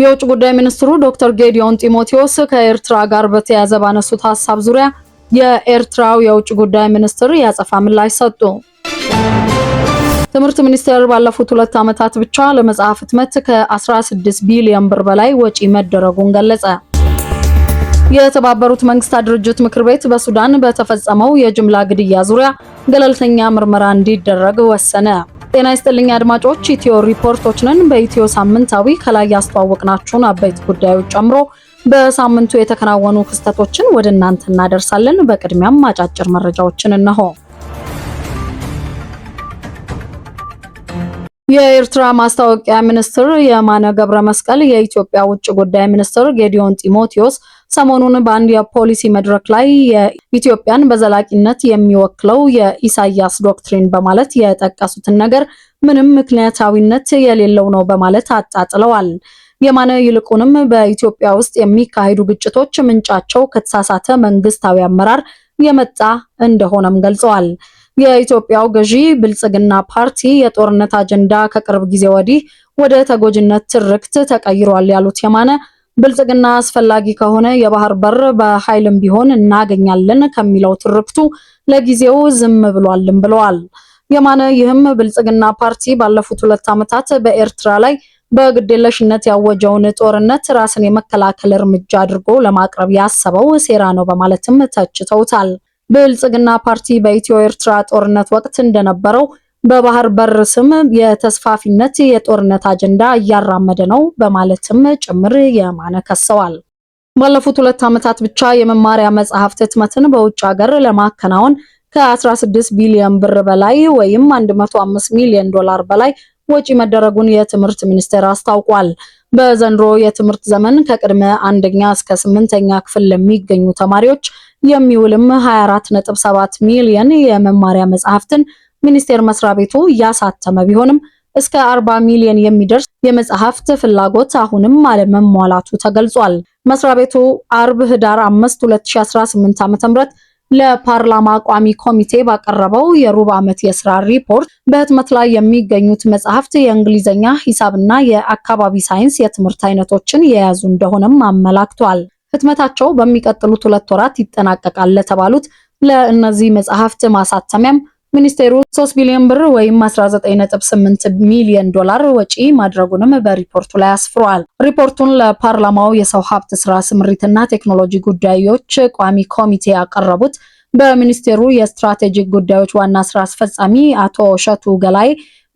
የውጭ ጉዳይ ሚኒስትሩ ዶክተር ጌዲዮን ጢሞቴዎስ ከኤርትራ ጋር በተያያዘ ባነሱት ሀሳብ ዙሪያ የኤርትራው የውጭ ጉዳይ ሚኒስትር ያጸፋ ምላሽ ሰጡ። ትምህርት ሚኒስቴር ባለፉት ሁለት ዓመታት ብቻ ለመጽሐፍ ህትመት ከ16 ቢሊዮን ብር በላይ ወጪ መደረጉን ገለጸ። የተባበሩት መንግስታት ድርጅት ምክር ቤት በሱዳን በተፈጸመው የጅምላ ግድያ ዙሪያ ገለልተኛ ምርመራ እንዲደረግ ወሰነ። ጤና ይስጥልኝ አድማጮች፣ ኢትዮ ሪፖርቶችንን በኢትዮ ሳምንታዊ ከላይ ያስተዋወቅናችሁን አበይት ጉዳዮች ጨምሮ በሳምንቱ የተከናወኑ ክስተቶችን ወደ እናንተ እናደርሳለን። በቅድሚያም አጫጭር መረጃዎችን እነሆ። የኤርትራ ማስታወቂያ ሚኒስትር የማነ ገብረ መስቀል የኢትዮጵያ ውጭ ጉዳይ ሚኒስትር ጌዲዮን ጢሞቴዎስ ሰሞኑን በአንድ የፖሊሲ መድረክ ላይ የኢትዮጵያን በዘላቂነት የሚወክለው የኢሳያስ ዶክትሪን በማለት የጠቀሱትን ነገር ምንም ምክንያታዊነት የሌለው ነው በማለት አጣጥለዋል። የማነ ይልቁንም በኢትዮጵያ ውስጥ የሚካሄዱ ግጭቶች ምንጫቸው ከተሳሳተ መንግስታዊ አመራር የመጣ እንደሆነም ገልጸዋል። የኢትዮጵያው ገዢ ብልጽግና ፓርቲ የጦርነት አጀንዳ ከቅርብ ጊዜ ወዲህ ወደ ተጎጂነት ትርክት ተቀይሯል ያሉት የማነ ብልጽግና አስፈላጊ ከሆነ የባህር በር በኃይልም ቢሆን እናገኛለን ከሚለው ትርክቱ ለጊዜው ዝም ብሏልም ብለዋል። የማነ ይህም ብልጽግና ፓርቲ ባለፉት ሁለት ዓመታት በኤርትራ ላይ በግዴለሽነት ያወጀውን ጦርነት ራስን የመከላከል እርምጃ አድርጎ ለማቅረብ ያሰበው ሴራ ነው በማለትም ተችተውታል። ብልጽግና ፓርቲ በኢትዮ ኤርትራ ጦርነት ወቅት እንደነበረው በባህር በር ስም የተስፋፊነት የጦርነት አጀንዳ እያራመደ ነው በማለትም ጭምር የማነ ከሰዋል። ባለፉት ሁለት ዓመታት ብቻ የመማሪያ መጽሐፍት ህትመትን በውጭ ሀገር ለማከናወን ከ16 ቢሊዮን ብር በላይ ወይም 105 ሚሊዮን ዶላር በላይ ወጪ መደረጉን የትምህርት ሚኒስቴር አስታውቋል። በዘንድሮ የትምህርት ዘመን ከቅድመ አንደኛ እስከ ስምንተኛ ክፍል ለሚገኙ ተማሪዎች የሚውልም 24.7 ሚሊዮን የመማሪያ መጽሐፍትን ሚኒስቴር መስሪያ ቤቱ እያሳተመ ቢሆንም እስከ 40 ሚሊዮን የሚደርስ የመጽሐፍት ፍላጎት አሁንም አለመሟላቱ ተገልጿል። መስሪያ ቤቱ አርብ ህዳር 5 2018 ዓ.ም ለፓርላማ ቋሚ ኮሚቴ ባቀረበው የሩብ ዓመት የስራ ሪፖርት በህትመት ላይ የሚገኙት መጽሐፍት የእንግሊዝኛ፣ ሂሳብና የአካባቢ ሳይንስ የትምህርት አይነቶችን የያዙ እንደሆነም አመላክቷል። ህትመታቸው በሚቀጥሉት ሁለት ወራት ይጠናቀቃል ለተባሉት ለእነዚህ መጽሐፍት ማሳተሚያም ሚኒስቴሩ 3 ቢሊዮን ብር ወይም 19.8 ሚሊዮን ዶላር ወጪ ማድረጉንም በሪፖርቱ ላይ አስፍሯል። ሪፖርቱን ለፓርላማው የሰው ሀብት ስራ ስምሪትና ቴክኖሎጂ ጉዳዮች ቋሚ ኮሚቴ ያቀረቡት በሚኒስቴሩ የስትራቴጂክ ጉዳዮች ዋና ስራ አስፈጻሚ አቶ እሸቱ ገላይ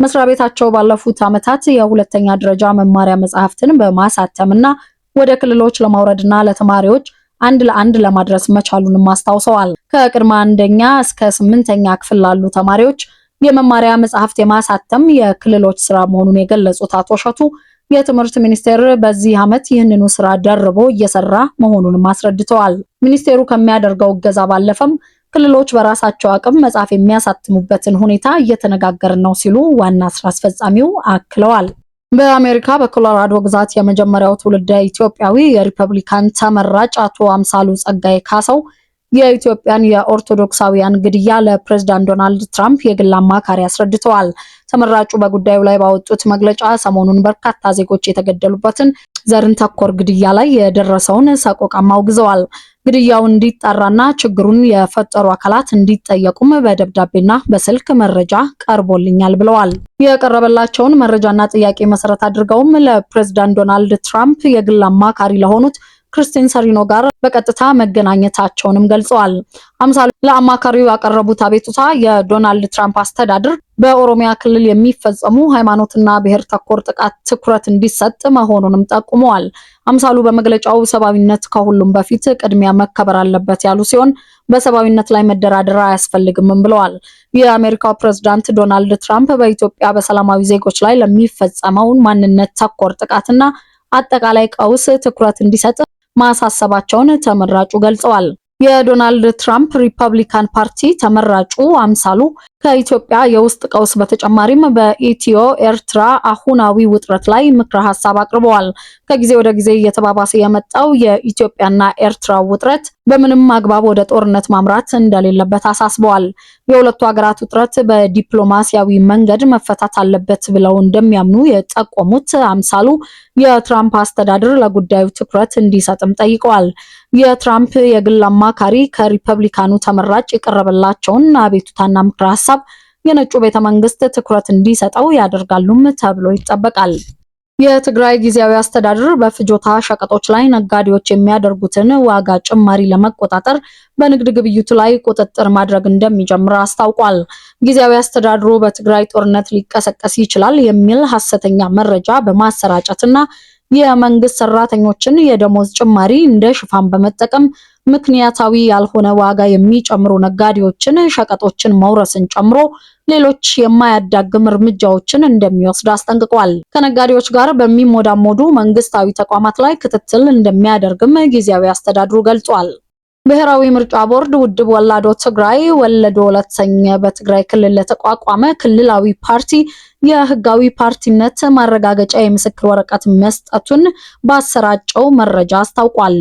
መስሪያ ቤታቸው ባለፉት ዓመታት የሁለተኛ ደረጃ መማሪያ መጽሐፍትን በማሳተምና ወደ ክልሎች ለማውረድና ለተማሪዎች አንድ ለአንድ ለማድረስ መቻሉንም አስታውሰዋል። ከቅድመ አንደኛ እስከ ስምንተኛ ክፍል ላሉ ተማሪዎች የመማሪያ መጽሐፍት የማሳተም የክልሎች ስራ መሆኑን የገለጹት አቶ የትምህርት ሚኒስቴር በዚህ ዓመት ይህንኑ ስራ ደርቦ እየሰራ መሆኑንም አስረድተዋል። ሚኒስቴሩ ከሚያደርገው እገዛ ባለፈም ክልሎች በራሳቸው አቅም መጽሐፍ የሚያሳትሙበትን ሁኔታ እየተነጋገርን ነው ሲሉ ዋና ስራ አስፈጻሚው አክለዋል። በአሜሪካ በኮሎራዶ ግዛት የመጀመሪያው ትውልደ ኢትዮጵያዊ የሪፐብሊካን ተመራጭ አቶ አምሳሉ ጸጋዬ ካሳው የኢትዮጵያን የኦርቶዶክሳውያን ግድያ ለፕሬዝዳንት ዶናልድ ትራምፕ የግል አማካሪ አስረድተዋል። ተመራጩ በጉዳዩ ላይ ባወጡት መግለጫ ሰሞኑን በርካታ ዜጎች የተገደሉበትን ዘርን ተኮር ግድያ ላይ የደረሰውን ሰቆቃም አውግዘዋል። ግድያው እንዲጣራና ችግሩን የፈጠሩ አካላት እንዲጠየቁም በደብዳቤና በስልክ መረጃ ቀርቦልኛል ብለዋል። የቀረበላቸውን መረጃና ጥያቄ መሰረት አድርገውም ለፕሬዝዳንት ዶናልድ ትራምፕ የግል አማካሪ ለሆኑት ክርስቲን ሰሪኖ ጋር በቀጥታ መገናኘታቸውንም ገልጸዋል። አምሳሉ ለአማካሪው ያቀረቡት አቤቱታ የዶናልድ ትራምፕ አስተዳደር በኦሮሚያ ክልል የሚፈጸሙ ሃይማኖትና ብሔር ተኮር ጥቃት ትኩረት እንዲሰጥ መሆኑንም ጠቁመዋል። አምሳሉ በመግለጫው ሰብአዊነት ከሁሉም በፊት ቅድሚያ መከበር አለበት ያሉ ሲሆን በሰብአዊነት ላይ መደራደር አያስፈልግምም ብለዋል። የአሜሪካው ፕሬዝዳንት ዶናልድ ትራምፕ በኢትዮጵያ በሰላማዊ ዜጎች ላይ ለሚፈጸመውን ማንነት ተኮር ጥቃትና አጠቃላይ ቀውስ ትኩረት እንዲሰጥ ማሳሰባቸውን ተመራጩ ገልጸዋል። የዶናልድ ትራምፕ ሪፐብሊካን ፓርቲ ተመራጩ አምሳሉ ከኢትዮጵያ የውስጥ ቀውስ በተጨማሪም በኢትዮ ኤርትራ አሁናዊ ውጥረት ላይ ምክረ ሀሳብ አቅርበዋል። ከጊዜ ወደ ጊዜ እየተባባሰ የመጣው የኢትዮጵያና ኤርትራ ውጥረት በምንም አግባብ ወደ ጦርነት ማምራት እንደሌለበት አሳስበዋል። የሁለቱ ሀገራት ውጥረት በዲፕሎማሲያዊ መንገድ መፈታት አለበት ብለው እንደሚያምኑ የጠቆሙት አምሳሉ የትራምፕ አስተዳደር ለጉዳዩ ትኩረት እንዲሰጥም ጠይቀዋል። የትራምፕ የግል አማካሪ ከሪፐብሊካኑ ተመራጭ የቀረበላቸውን አቤቱታና ምክረ ሀሳብ የነጩ ቤተ መንግስት ትኩረት እንዲሰጠው ያደርጋሉም ተብሎ ይጠበቃል። የትግራይ ጊዜያዊ አስተዳደር በፍጆታ ሸቀጦች ላይ ነጋዴዎች የሚያደርጉትን ዋጋ ጭማሪ ለመቆጣጠር በንግድ ግብይቱ ላይ ቁጥጥር ማድረግ እንደሚጀምር አስታውቋል። ጊዜያዊ አስተዳደሩ በትግራይ ጦርነት ሊቀሰቀስ ይችላል የሚል ሀሰተኛ መረጃ በማሰራጨትና የመንግስት ሰራተኞችን የደሞዝ ጭማሪ እንደ ሽፋን በመጠቀም ምክንያታዊ ያልሆነ ዋጋ የሚጨምሩ ነጋዴዎችን፣ ሸቀጦችን መውረስን ጨምሮ ሌሎች የማያዳግም እርምጃዎችን እንደሚወስድ አስጠንቅቋል። ከነጋዴዎች ጋር በሚሞዳሞዱ መንግስታዊ ተቋማት ላይ ክትትል እንደሚያደርግም ጊዜያዊ አስተዳድሩ ገልጿል። ብሔራዊ ምርጫ ቦርድ ውድብ ወላዶ ትግራይ ወለዶ ለተሰኘ በትግራይ ክልል ለተቋቋመ ክልላዊ ፓርቲ የህጋዊ ፓርቲነት ማረጋገጫ የምስክር ወረቀት መስጠቱን ባሰራጨው መረጃ አስታውቋል።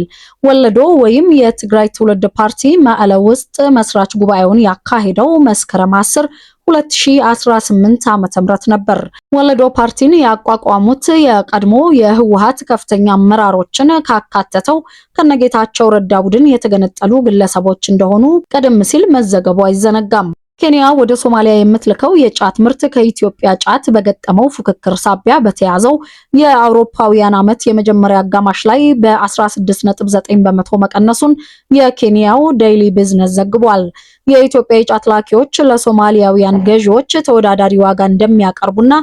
ወለዶ ወይም የትግራይ ትውልድ ፓርቲ መቀለ ውስጥ መስራች ጉባኤውን ያካሄደው መስከረም 10 2018 ዓ.ም ነበር። ወለዶ ፓርቲን ያቋቋሙት የቀድሞ የህወሀት ከፍተኛ አመራሮችን ካካተተው ከነጌታቸው ረዳ ቡድን የተገነጠሉ ግለሰቦች እንደሆኑ ቀደም ሲል መዘገቡ አይዘነጋም። ኬንያ ወደ ሶማሊያ የምትልከው የጫት ምርት ከኢትዮጵያ ጫት በገጠመው ፉክክር ሳቢያ በተያዘው የአውሮፓውያን ዓመት የመጀመሪያ አጋማሽ ላይ በ16.9 በመቶ መቀነሱን የኬንያው ዴይሊ ቢዝነስ ዘግቧል። የኢትዮጵያ የጫት ላኪዎች ለሶማሊያውያን ገዢዎች ተወዳዳሪ ዋጋ እንደሚያቀርቡና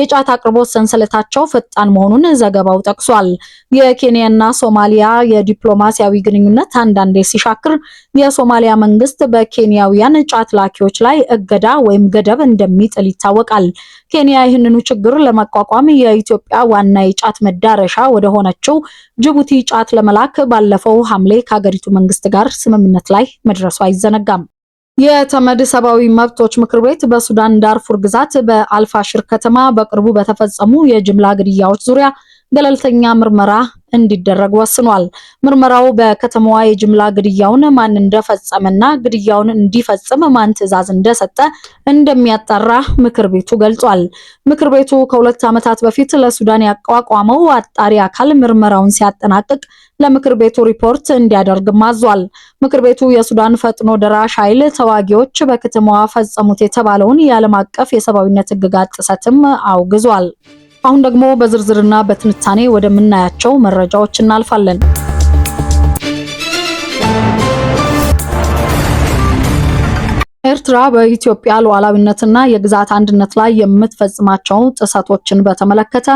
የጫት አቅርቦት ሰንሰለታቸው ፈጣን መሆኑን ዘገባው ጠቅሷል። የኬንያና ሶማሊያ የዲፕሎማሲያዊ ግንኙነት አንዳንዴ ሲሻክር የሶማሊያ መንግስት በኬንያውያን ጫት ላኪዎች ላይ እገዳ ወይም ገደብ እንደሚጥል ይታወቃል። ኬንያ ይህንኑ ችግር ለመቋቋም የኢትዮጵያ ዋና የጫት መዳረሻ ወደ ሆነችው ጅቡቲ ጫት ለመላክ ባለፈው ሐምሌ ከሀገሪቱ መንግስት ጋር ስምምነት ላይ መድረሱ አይዘነጋም። የተመድ ሰብአዊ መብቶች ምክር ቤት በሱዳን ዳርፉር ግዛት በአልፋሽር ከተማ በቅርቡ በተፈጸሙ የጅምላ ግድያዎች ዙሪያ ገለልተኛ ምርመራ እንዲደረግ ወስኗል። ምርመራው በከተማዋ የጅምላ ግድያውን ማን እንደፈጸመና ግድያውን እንዲፈጽም ማን ትዕዛዝ እንደሰጠ እንደሚያጣራ ምክር ቤቱ ገልጿል። ምክር ቤቱ ከሁለት ዓመታት በፊት ለሱዳን ያቋቋመው አጣሪ አካል ምርመራውን ሲያጠናቅቅ ለምክር ቤቱ ሪፖርት እንዲያደርግም አዟል። ምክር ቤቱ የሱዳን ፈጥኖ ደራሽ ኃይል ተዋጊዎች በከተማዋ ፈጸሙት የተባለውን የዓለም አቀፍ የሰብአዊነት ሕግጋት ጥሰትም አውግዟል። አሁን ደግሞ በዝርዝርና በትንታኔ ወደምናያቸው መረጃዎች እናልፋለን። ኤርትራ በኢትዮጵያ ሉዓላዊነትና የግዛት አንድነት ላይ የምትፈጽማቸው ጥሰቶችን በተመለከተ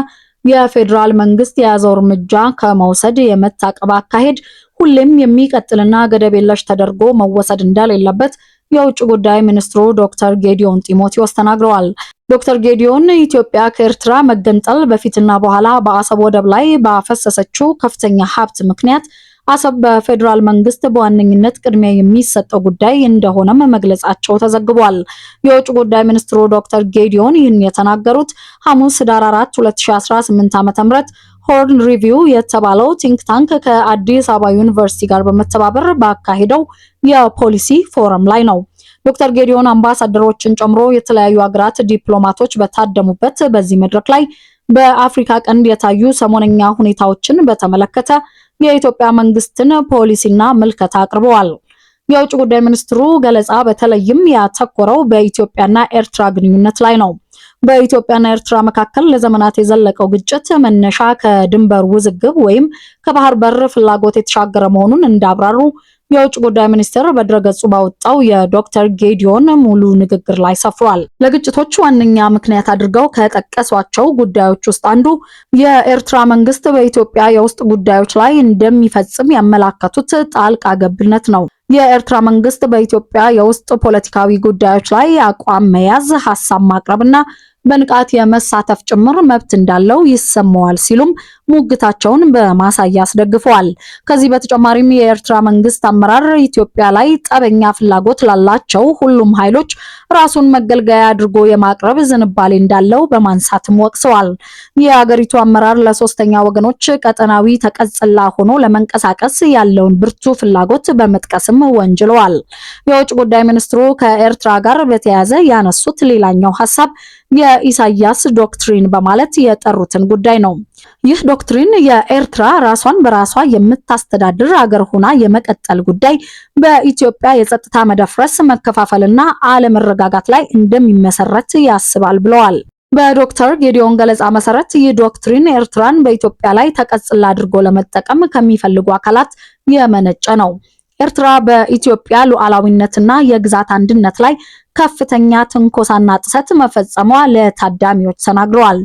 የፌዴራል መንግስት የያዘው እርምጃ ከመውሰድ የመታቀብ አካሄድ ሁሌም የሚቀጥልና ገደብ የለሽ ተደርጎ መወሰድ እንደሌለበት የውጭ ጉዳይ ሚኒስትሩ ዶክተር ጌዲዮን ጢሞቴዎስ ተናግረዋል። ዶክተር ጌዲዮን ኢትዮጵያ ከኤርትራ መገንጠል በፊትና በኋላ በአሰብ ወደብ ላይ ባፈሰሰችው ከፍተኛ ሀብት ምክንያት አሰብ በፌዴራል መንግስት በዋነኝነት ቅድሚያ የሚሰጠው ጉዳይ እንደሆነም መግለጻቸው ተዘግቧል። የውጭ ጉዳይ ሚኒስትሩ ዶክተር ጌዲዮን ይህን የተናገሩት ሐሙስ ህዳር 4 2018 ዓ.ም ሆርን ሪቪው የተባለው ቲንክ ታንክ ከአዲስ አበባ ዩኒቨርሲቲ ጋር በመተባበር ባካሄደው የፖሊሲ ፎረም ላይ ነው። ዶክተር ጌዲዮን አምባሳደሮችን ጨምሮ የተለያዩ ሀገራት ዲፕሎማቶች በታደሙበት በዚህ መድረክ ላይ በአፍሪካ ቀንድ የታዩ ሰሞነኛ ሁኔታዎችን በተመለከተ የኢትዮጵያ መንግስትን ፖሊሲና ምልከታ አቅርበዋል። የውጭ ጉዳይ ሚኒስትሩ ገለጻ በተለይም ያተኮረው በኢትዮጵያና ኤርትራ ግንኙነት ላይ ነው። በኢትዮጵያና ኤርትራ መካከል ለዘመናት የዘለቀው ግጭት መነሻ ከድንበር ውዝግብ ወይም ከባህር በር ፍላጎት የተሻገረ መሆኑን እንዳብራሩ የውጭ ጉዳይ ሚኒስቴር በድረገጹ ባወጣው የዶክተር ጌዲዮን ሙሉ ንግግር ላይ ሰፍሯል። ለግጭቶች ዋነኛ ምክንያት አድርገው ከጠቀሷቸው ጉዳዮች ውስጥ አንዱ የኤርትራ መንግስት በኢትዮጵያ የውስጥ ጉዳዮች ላይ እንደሚፈጽም ያመላከቱት ጣልቃ ገብነት ነው። የኤርትራ መንግስት በኢትዮጵያ የውስጥ ፖለቲካዊ ጉዳዮች ላይ አቋም መያዝ፣ ሀሳብ ማቅረብና በንቃት የመሳተፍ ጭምር መብት እንዳለው ይሰማዋል ሲሉም ሙግታቸውን በማሳያ አስደግፈዋል። ከዚህ በተጨማሪም የኤርትራ መንግስት አመራር ኢትዮጵያ ላይ ጠበኛ ፍላጎት ላላቸው ሁሉም ኃይሎች ራሱን መገልገያ አድርጎ የማቅረብ ዝንባሌ እንዳለው በማንሳትም ወቅሰዋል። የአገሪቱ አመራር ለሶስተኛ ወገኖች ቀጠናዊ ተቀጽላ ሆኖ ለመንቀሳቀስ ያለውን ብርቱ ፍላጎት በመጥቀስም ወንጅለዋል። የውጭ ጉዳይ ሚኒስትሩ ከኤርትራ ጋር በተያያዘ ያነሱት ሌላኛው ሀሳብ የ የኢሳያስ ዶክትሪን በማለት የጠሩትን ጉዳይ ነው። ይህ ዶክትሪን የኤርትራ ራሷን በራሷ የምታስተዳድር አገር ሆና የመቀጠል ጉዳይ በኢትዮጵያ የጸጥታ መደፍረስ፣ መከፋፈልና አለመረጋጋት ላይ እንደሚመሰረት ያስባል ብለዋል። በዶክተር ጌዲዮን ገለጻ መሰረት ይህ ዶክትሪን ኤርትራን በኢትዮጵያ ላይ ተቀጽላ አድርጎ ለመጠቀም ከሚፈልጉ አካላት የመነጨ ነው። ኤርትራ በኢትዮጵያ ሉዓላዊነትና የግዛት አንድነት ላይ ከፍተኛ ትንኮሳና ጥሰት መፈጸሟ ለታዳሚዎች ተናግረዋል።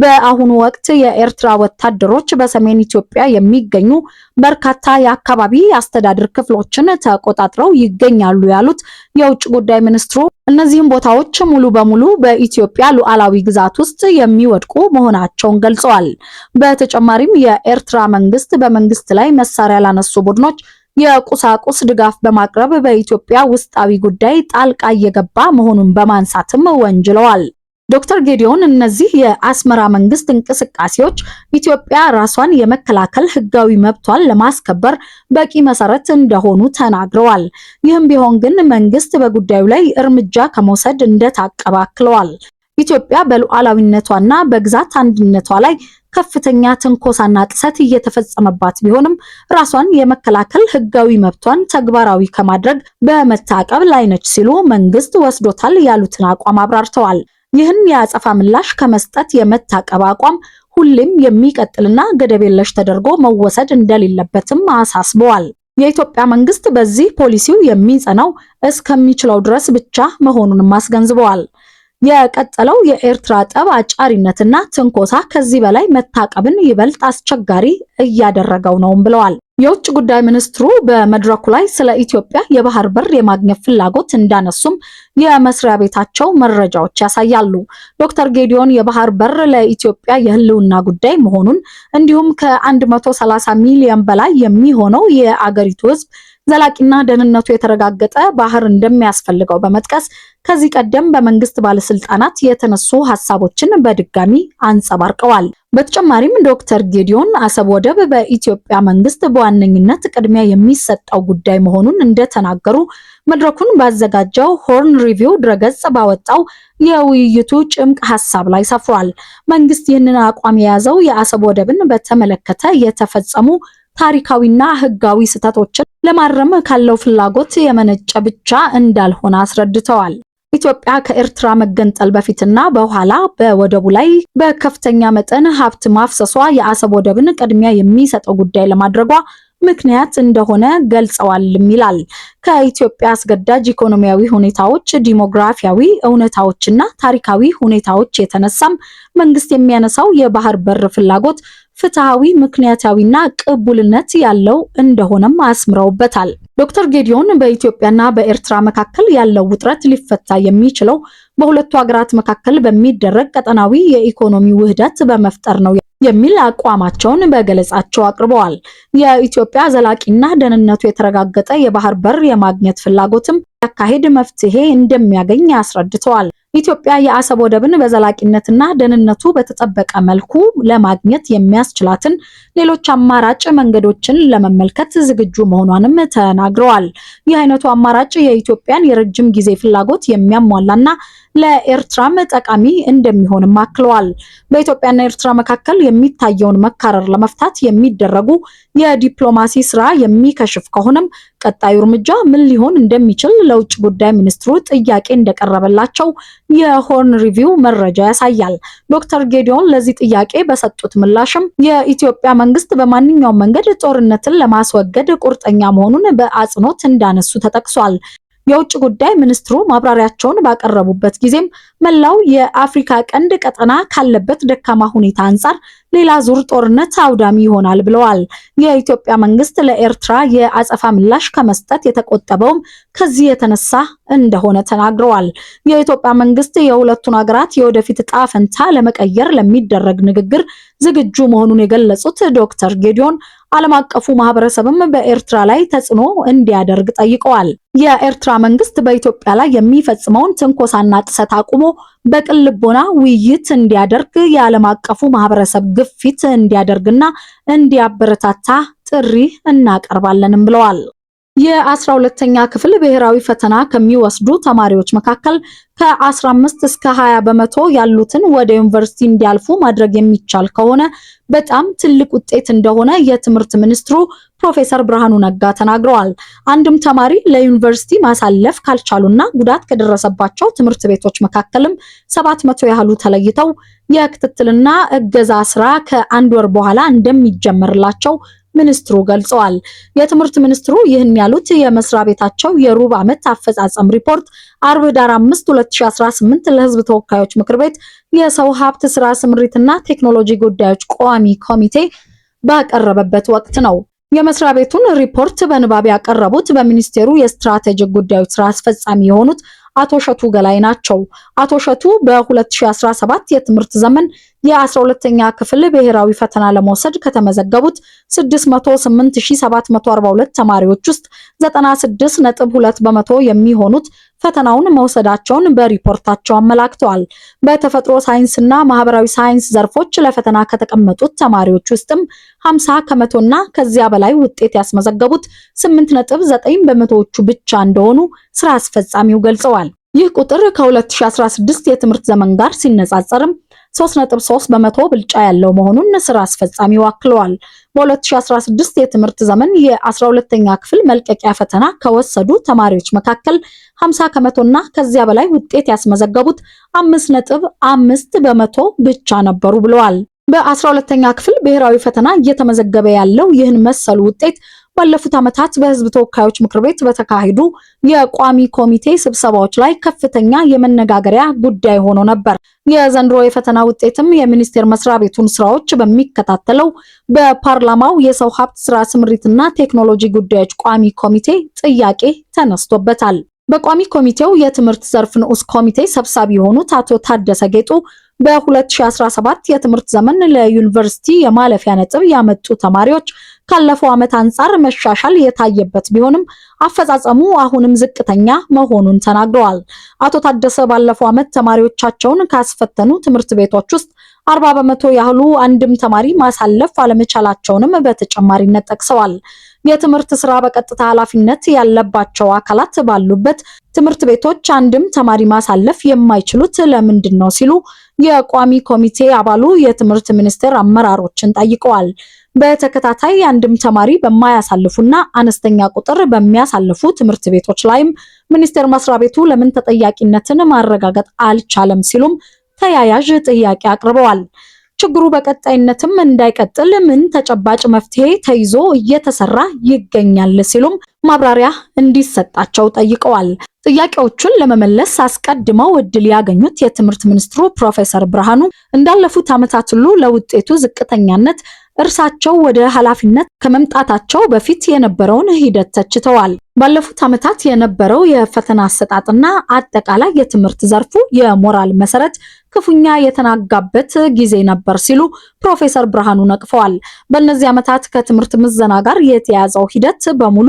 በአሁኑ ወቅት የኤርትራ ወታደሮች በሰሜን ኢትዮጵያ የሚገኙ በርካታ የአካባቢ አስተዳደር ክፍሎችን ተቆጣጥረው ይገኛሉ ያሉት የውጭ ጉዳይ ሚኒስትሩ እነዚህም ቦታዎች ሙሉ በሙሉ በኢትዮጵያ ሉዓላዊ ግዛት ውስጥ የሚወድቁ መሆናቸውን ገልጸዋል። በተጨማሪም የኤርትራ መንግስት በመንግስት ላይ መሳሪያ ላነሱ ቡድኖች የቁሳቁስ ድጋፍ በማቅረብ በኢትዮጵያ ውስጣዊ ጉዳይ ጣልቃ እየገባ መሆኑን በማንሳትም ወንጅለዋል። ዶክተር ጌዲዮን እነዚህ የአስመራ መንግስት እንቅስቃሴዎች ኢትዮጵያ ራሷን የመከላከል ህጋዊ መብቷን ለማስከበር በቂ መሰረት እንደሆኑ ተናግረዋል። ይህም ቢሆን ግን መንግስት በጉዳዩ ላይ እርምጃ ከመውሰድ እንደታቀባክለዋል። ኢትዮጵያ በሉዓላዊነቷና በግዛት አንድነቷ ላይ ከፍተኛ ትንኮሳና ጥሰት እየተፈጸመባት ቢሆንም ራሷን የመከላከል ሕጋዊ መብቷን ተግባራዊ ከማድረግ በመታቀብ ላይ ነች ሲሉ መንግስት ወስዶታል ያሉትን አቋም አብራርተዋል። ይህን የአጸፋ ምላሽ ከመስጠት የመታቀብ አቋም ሁሌም የሚቀጥልና ገደብ የለሽ ተደርጎ መወሰድ እንደሌለበትም አሳስበዋል። የኢትዮጵያ መንግስት በዚህ ፖሊሲው የሚጸናው እስከሚችለው ድረስ ብቻ መሆኑንም አስገንዝበዋል። የቀጠለው የኤርትራ ጠብ አጫሪነትና ትንኮሳ ከዚህ በላይ መታቀብን ይበልጥ አስቸጋሪ እያደረገው ነውም ብለዋል። የውጭ ጉዳይ ሚኒስትሩ በመድረኩ ላይ ስለ ኢትዮጵያ የባህር በር የማግኘት ፍላጎት እንዳነሱም የመስሪያ ቤታቸው መረጃዎች ያሳያሉ። ዶክተር ጌዲዮን የባህር በር ለኢትዮጵያ የህልውና ጉዳይ መሆኑን እንዲሁም ከ130 ሚሊዮን በላይ የሚሆነው የአገሪቱ ህዝብ ። ዘላቂና ደህንነቱ የተረጋገጠ ባህር እንደሚያስፈልገው በመጥቀስ ከዚህ ቀደም በመንግስት ባለስልጣናት የተነሱ ሀሳቦችን በድጋሚ አንጸባርቀዋል። በተጨማሪም ዶክተር ጌዲዮን አሰብ ወደብ በኢትዮጵያ መንግስት በዋነኝነት ቅድሚያ የሚሰጠው ጉዳይ መሆኑን እንደተናገሩ መድረኩን ባዘጋጀው ሆርን ሪቪው ድረገጽ ባወጣው የውይይቱ ጭምቅ ሀሳብ ላይ ሰፍሯል። መንግስት ይህንን አቋም የያዘው የአሰብ ወደብን በተመለከተ የተፈጸሙ ታሪካዊና ህጋዊ ስህተቶችን ለማረም ካለው ፍላጎት የመነጨ ብቻ እንዳልሆነ አስረድተዋል። ኢትዮጵያ ከኤርትራ መገንጠል በፊትና በኋላ በወደቡ ላይ በከፍተኛ መጠን ሀብት ማፍሰሷ የአሰብ ወደብን ቅድሚያ የሚሰጠው ጉዳይ ለማድረጓ ምክንያት እንደሆነ ገልጸዋልም ይላል። ከኢትዮጵያ አስገዳጅ ኢኮኖሚያዊ ሁኔታዎች፣ ዲሞግራፊያዊ እውነታዎችና ታሪካዊ ሁኔታዎች የተነሳም መንግስት የሚያነሳው የባህር በር ፍላጎት ፍትሐዊ፣ ምክንያታዊና ቅቡልነት ያለው እንደሆነም አስምረውበታል። ዶክተር ጌዲዮን በኢትዮጵያና በኤርትራ መካከል ያለው ውጥረት ሊፈታ የሚችለው በሁለቱ ሀገራት መካከል በሚደረግ ቀጠናዊ የኢኮኖሚ ውህደት በመፍጠር ነው የሚል አቋማቸውን በገለጻቸው አቅርበዋል። የኢትዮጵያ ዘላቂና ደህንነቱ የተረጋገጠ የባህር በር የማግኘት ፍላጎትም ያካሄድ መፍትሄ እንደሚያገኝ አስረድተዋል። ኢትዮጵያ የአሰብ ወደብን በዘላቂነትና ደህንነቱ በተጠበቀ መልኩ ለማግኘት የሚያስችላትን ሌሎች አማራጭ መንገዶችን ለመመልከት ዝግጁ መሆኗንም ተናግረዋል። ይህ አይነቱ አማራጭ የኢትዮጵያን የረጅም ጊዜ ፍላጎት የሚያሟላና ለኤርትራም ጠቃሚ እንደሚሆንም አክለዋል። በኢትዮጵያና ኤርትራ መካከል የሚታየውን መካረር ለመፍታት የሚደረጉ የዲፕሎማሲ ስራ የሚከሽፍ ከሆነም ቀጣዩ እርምጃ ምን ሊሆን እንደሚችል ለውጭ ጉዳይ ሚኒስትሩ ጥያቄ እንደቀረበላቸው የሆርን ሪቪው መረጃ ያሳያል። ዶክተር ጌዲዮን ለዚህ ጥያቄ በሰጡት ምላሽም የኢትዮጵያ መንግስት በማንኛውም መንገድ ጦርነትን ለማስወገድ ቁርጠኛ መሆኑን በአጽንኦት እንዳነሱ ተጠቅሷል። የውጭ ጉዳይ ሚኒስትሩ ማብራሪያቸውን ባቀረቡበት ጊዜም መላው የአፍሪካ ቀንድ ቀጠና ካለበት ደካማ ሁኔታ አንጻር ሌላ ዙር ጦርነት አውዳሚ ይሆናል ብለዋል። የኢትዮጵያ መንግስት ለኤርትራ የአጸፋ ምላሽ ከመስጠት የተቆጠበውም ከዚህ የተነሳ እንደሆነ ተናግረዋል። የኢትዮጵያ መንግስት የሁለቱን ሀገራት የወደፊት ዕጣ ፈንታ ለመቀየር ለሚደረግ ንግግር ዝግጁ መሆኑን የገለጹት ዶክተር ጌዲዮን ዓለም አቀፉ ማህበረሰብም በኤርትራ ላይ ተጽዕኖ እንዲያደርግ ጠይቀዋል። የኤርትራ መንግስት በኢትዮጵያ ላይ የሚፈጽመውን ትንኮሳና ጥሰት አቁሞ በቅን ልቦና ውይይት እንዲያደርግ የዓለም አቀፉ ማህበረሰብ ግፊት እንዲያደርግና እንዲያበረታታ ጥሪ እናቀርባለንም ብለዋል። የአስራ ሁለተኛ ክፍል ብሔራዊ ፈተና ከሚወስዱ ተማሪዎች መካከል ከ15 እስከ 20 በመቶ ያሉትን ወደ ዩኒቨርሲቲ እንዲያልፉ ማድረግ የሚቻል ከሆነ በጣም ትልቅ ውጤት እንደሆነ የትምህርት ሚኒስትሩ ፕሮፌሰር ብርሃኑ ነጋ ተናግረዋል። አንድም ተማሪ ለዩኒቨርሲቲ ማሳለፍ ካልቻሉና ጉዳት ከደረሰባቸው ትምህርት ቤቶች መካከልም 700 ያህሉ ተለይተው የክትትልና እገዛ ስራ ከአንድ ወር በኋላ እንደሚጀመርላቸው ሚኒስትሩ ገልጸዋል። የትምህርት ሚኒስትሩ ይህን ያሉት የመስሪያ ቤታቸው የሩብ ዓመት አፈጻጸም ሪፖርት አርብ ዳር 5 2018 ለህዝብ ተወካዮች ምክር ቤት የሰው ሀብት ስራ ስምሪትና ቴክኖሎጂ ጉዳዮች ቋሚ ኮሚቴ ባቀረበበት ወቅት ነው። የመስሪያ ቤቱን ሪፖርት በንባብ ያቀረቡት በሚኒስቴሩ የስትራቴጂክ ጉዳዮች ስራ አስፈጻሚ የሆኑት አቶ ሸቱ ገላይ ናቸው። አቶ ሸቱ በ2017 የትምህርት ዘመን የ12ኛ ክፍል ብሔራዊ ፈተና ለመውሰድ ከተመዘገቡት 608742 ተማሪዎች ውስጥ 96.2 በመቶ የሚሆኑት ፈተናውን መውሰዳቸውን በሪፖርታቸው አመላክተዋል። በተፈጥሮ ሳይንስና ማህበራዊ ሳይንስ ዘርፎች ለፈተና ከተቀመጡት ተማሪዎች ውስጥም 50 ከመቶና ከዚያ በላይ ውጤት ያስመዘገቡት 8.9 በመቶዎቹ ብቻ እንደሆኑ ስራ አስፈጻሚው ገልጸዋል። ይህ ቁጥር ከ2016 የትምህርት ዘመን ጋር ሲነጻጸርም 3.3 በመቶ ብልጫ ያለው መሆኑን ስራ አስፈጻሚው አክለዋል። በ2016 የትምህርት ዘመን የ12ኛ ክፍል መልቀቂያ ፈተና ከወሰዱ ተማሪዎች መካከል 50 ከመቶና ከዚያ በላይ ውጤት ያስመዘገቡት 5.5 በመቶ ብቻ ነበሩ ብለዋል። በ12ኛ ክፍል ብሔራዊ ፈተና እየተመዘገበ ያለው ይህን መሰሉ ውጤት ባለፉት ዓመታት በሕዝብ ተወካዮች ምክር ቤት በተካሄዱ የቋሚ ኮሚቴ ስብሰባዎች ላይ ከፍተኛ የመነጋገሪያ ጉዳይ ሆኖ ነበር። የዘንድሮ የፈተና ውጤትም የሚኒስቴር መስሪያ ቤቱን ስራዎች በሚከታተለው በፓርላማው የሰው ሀብት ስራ ስምሪትና ቴክኖሎጂ ጉዳዮች ቋሚ ኮሚቴ ጥያቄ ተነስቶበታል። በቋሚ ኮሚቴው የትምህርት ዘርፍ ንዑስ ኮሚቴ ሰብሳቢ የሆኑት አቶ ታደሰ ጌጡ በ2017 የትምህርት ዘመን ለዩኒቨርሲቲ የማለፊያ ነጥብ ያመጡ ተማሪዎች ካለፈው ዓመት አንጻር መሻሻል የታየበት ቢሆንም አፈጻጸሙ አሁንም ዝቅተኛ መሆኑን ተናግረዋል። አቶ ታደሰ ባለፈው ዓመት ተማሪዎቻቸውን ካስፈተኑ ትምህርት ቤቶች ውስጥ አርባ በመቶ ያህሉ አንድም ተማሪ ማሳለፍ አለመቻላቸውንም በተጨማሪነት ጠቅሰዋል። የትምህርት ስራ በቀጥታ ኃላፊነት ያለባቸው አካላት ባሉበት ትምህርት ቤቶች አንድም ተማሪ ማሳለፍ የማይችሉት ለምንድን ነው ሲሉ የቋሚ ኮሚቴ አባሉ የትምህርት ሚኒስቴር አመራሮችን ጠይቀዋል። በተከታታይ አንድም ተማሪ በማያሳልፉና አነስተኛ ቁጥር በሚያሳልፉ ትምህርት ቤቶች ላይም ሚኒስቴር መስሪያ ቤቱ ለምን ተጠያቂነትን ማረጋገጥ አልቻለም ሲሉም ተያያዥ ጥያቄ አቅርበዋል። ችግሩ በቀጣይነትም እንዳይቀጥል ምን ተጨባጭ መፍትሄ ተይዞ እየተሰራ ይገኛል ሲሉም ማብራሪያ እንዲሰጣቸው ጠይቀዋል። ጥያቄዎቹን ለመመለስ አስቀድመው እድል ያገኙት የትምህርት ሚኒስትሩ ፕሮፌሰር ብርሃኑ እንዳለፉት ዓመታት ሁሉ ለውጤቱ ዝቅተኛነት እርሳቸው ወደ ኃላፊነት ከመምጣታቸው በፊት የነበረውን ሂደት ተችተዋል። ባለፉት ዓመታት የነበረው የፈተና አሰጣጥና አጠቃላይ የትምህርት ዘርፉ የሞራል መሰረት ክፉኛ የተናጋበት ጊዜ ነበር ሲሉ ፕሮፌሰር ብርሃኑ ነቅፈዋል። በእነዚህ ዓመታት ከትምህርት ምዘና ጋር የተያዘው ሂደት በሙሉ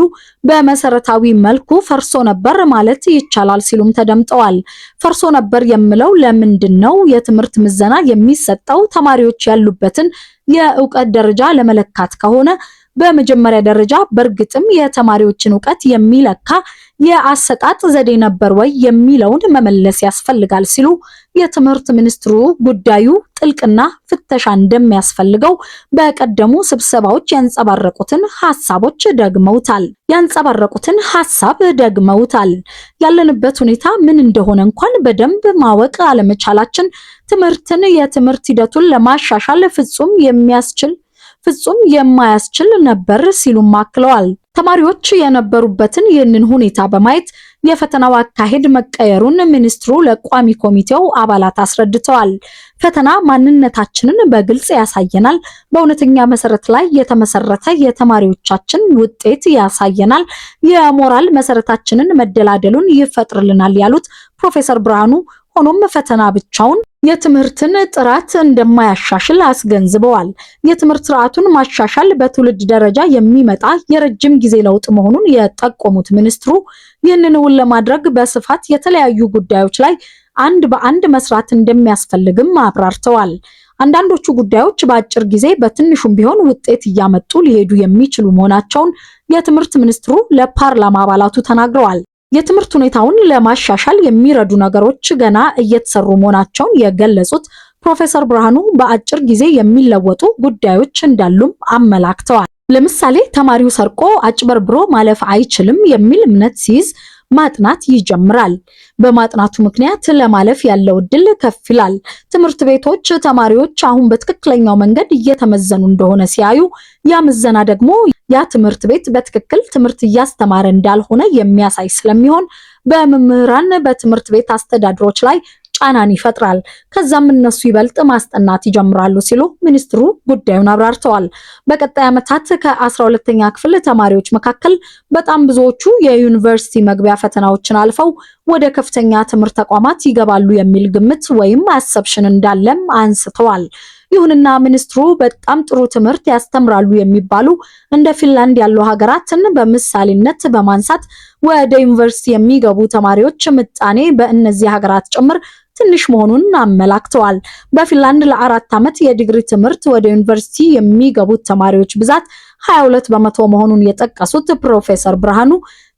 በመሰረታዊ መልኩ ፈርሶ ነበር ማለት ይቻላል ሲሉም ተደምጠዋል። ፈርሶ ነበር የምለው ለምንድን ነው? የትምህርት ምዘና የሚሰጠው ተማሪዎች ያሉበትን የእውቀት ደረጃ ለመለካት ከሆነ በመጀመሪያ ደረጃ በእርግጥም የተማሪዎችን እውቀት የሚለካ የአሰጣጥ ዘዴ ነበር ወይ የሚለውን መመለስ ያስፈልጋል ሲሉ የትምህርት ሚኒስትሩ ጉዳዩ ጥልቅና ፍተሻ እንደሚያስፈልገው በቀደሙ ስብሰባዎች ያንጸባረቁትን ሀሳቦች ደግመውታል ያንጸባረቁትን ሀሳብ ደግመውታል። ያለንበት ሁኔታ ምን እንደሆነ እንኳን በደንብ ማወቅ አለመቻላችን ትምህርትን የትምህርት ሂደቱን ለማሻሻል ፍጹም የሚያስችል ፍጹም የማያስችል ነበር ሲሉም አክለዋል። ተማሪዎች የነበሩበትን ይህንን ሁኔታ በማየት የፈተናው አካሄድ መቀየሩን ሚኒስትሩ ለቋሚ ኮሚቴው አባላት አስረድተዋል። ፈተና ማንነታችንን በግልጽ ያሳየናል፣ በእውነተኛ መሰረት ላይ የተመሰረተ የተማሪዎቻችን ውጤት ያሳየናል፣ የሞራል መሰረታችንን መደላደሉን ይፈጥርልናል ያሉት ፕሮፌሰር ብርሃኑ ሆኖም ፈተና ብቻውን የትምህርትን ጥራት እንደማያሻሽል አስገንዝበዋል። የትምህርት ስርዓቱን ማሻሻል በትውልድ ደረጃ የሚመጣ የረጅም ጊዜ ለውጥ መሆኑን የጠቆሙት ሚኒስትሩ ይህንን ውል ለማድረግ በስፋት የተለያዩ ጉዳዮች ላይ አንድ በአንድ መስራት እንደሚያስፈልግም አብራርተዋል። አንዳንዶቹ ጉዳዮች በአጭር ጊዜ በትንሹም ቢሆን ውጤት እያመጡ ሊሄዱ የሚችሉ መሆናቸውን የትምህርት ሚኒስትሩ ለፓርላማ አባላቱ ተናግረዋል። የትምህርት ሁኔታውን ለማሻሻል የሚረዱ ነገሮች ገና እየተሰሩ መሆናቸውን የገለጹት ፕሮፌሰር ብርሃኑ በአጭር ጊዜ የሚለወጡ ጉዳዮች እንዳሉም አመላክተዋል። ለምሳሌ ተማሪው ሰርቆ አጭበርብሮ ማለፍ አይችልም የሚል እምነት ሲይዝ ማጥናት ይጀምራል። በማጥናቱ ምክንያት ለማለፍ ያለው እድል ከፍ ይላል። ትምህርት ቤቶች ተማሪዎች አሁን በትክክለኛው መንገድ እየተመዘኑ እንደሆነ ሲያዩ ያ ምዘና ደግሞ ያ ትምህርት ቤት በትክክል ትምህርት እያስተማረ እንዳልሆነ የሚያሳይ ስለሚሆን በመምህራን በትምህርት ቤት አስተዳድሮች ላይ ጫናን ይፈጥራል። ከዛም እነሱ ይበልጥ ማስጠናት ይጀምራሉ ሲሉ ሚኒስትሩ ጉዳዩን አብራርተዋል። በቀጣይ ዓመታት ከ12ኛ ክፍል ተማሪዎች መካከል በጣም ብዙዎቹ የዩኒቨርሲቲ መግቢያ ፈተናዎችን አልፈው ወደ ከፍተኛ ትምህርት ተቋማት ይገባሉ የሚል ግምት ወይም አሰብሽን እንዳለም አንስተዋል። ይሁንና ሚኒስትሩ በጣም ጥሩ ትምህርት ያስተምራሉ የሚባሉ እንደ ፊንላንድ ያሉ ሀገራትን በምሳሌነት በማንሳት ወደ ዩኒቨርሲቲ የሚገቡ ተማሪዎች ምጣኔ በእነዚህ ሀገራት ጭምር ትንሽ መሆኑን አመላክተዋል። በፊንላንድ ለአራት ዓመት የዲግሪ ትምህርት ወደ ዩኒቨርሲቲ የሚገቡት ተማሪዎች ብዛት 22 በመቶ መሆኑን የጠቀሱት ፕሮፌሰር ብርሃኑ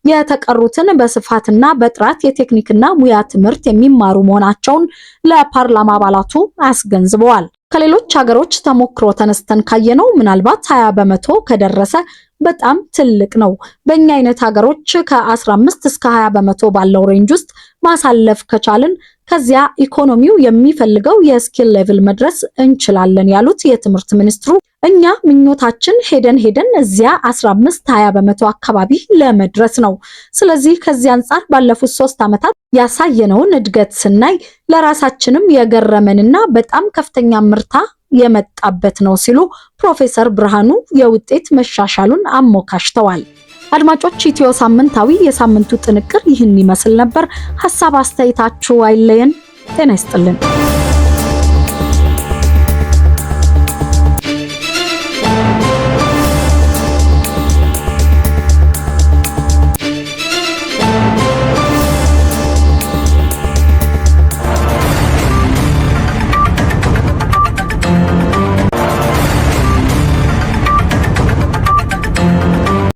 የተቀሩትን በስፋትና በጥራት የቴክኒክና ሙያ ትምህርት የሚማሩ መሆናቸውን ለፓርላማ አባላቱ አስገንዝበዋል። ከሌሎች ሀገሮች ተሞክሮ ተነስተን ካየነው ምናልባት 20 በመቶ ከደረሰ በጣም ትልቅ ነው። በእኛ አይነት ሀገሮች ከ15 እስከ 20 በመቶ ባለው ሬንጅ ውስጥ ማሳለፍ ከቻልን ከዚያ ኢኮኖሚው የሚፈልገው የስኪል ሌቭል መድረስ እንችላለን ያሉት የትምህርት ሚኒስትሩ እኛ ምኞታችን ሄደን ሄደን እዚያ 15 20 በመቶ አካባቢ ለመድረስ ነው። ስለዚህ ከዚህ አንጻር ባለፉት ሶስት ዓመታት ያሳየነውን እድገት ስናይ ለራሳችንም የገረመንና በጣም ከፍተኛ ምርታ የመጣበት ነው ሲሉ ፕሮፌሰር ብርሃኑ የውጤት መሻሻሉን አሞካሽተዋል። አድማጮች ኢትዮ ሳምንታዊ የሳምንቱ ጥንቅር ይህን ይመስል ነበር። ሀሳብ አስተያየታችሁ አይለየን። ጤና ይስጥልን።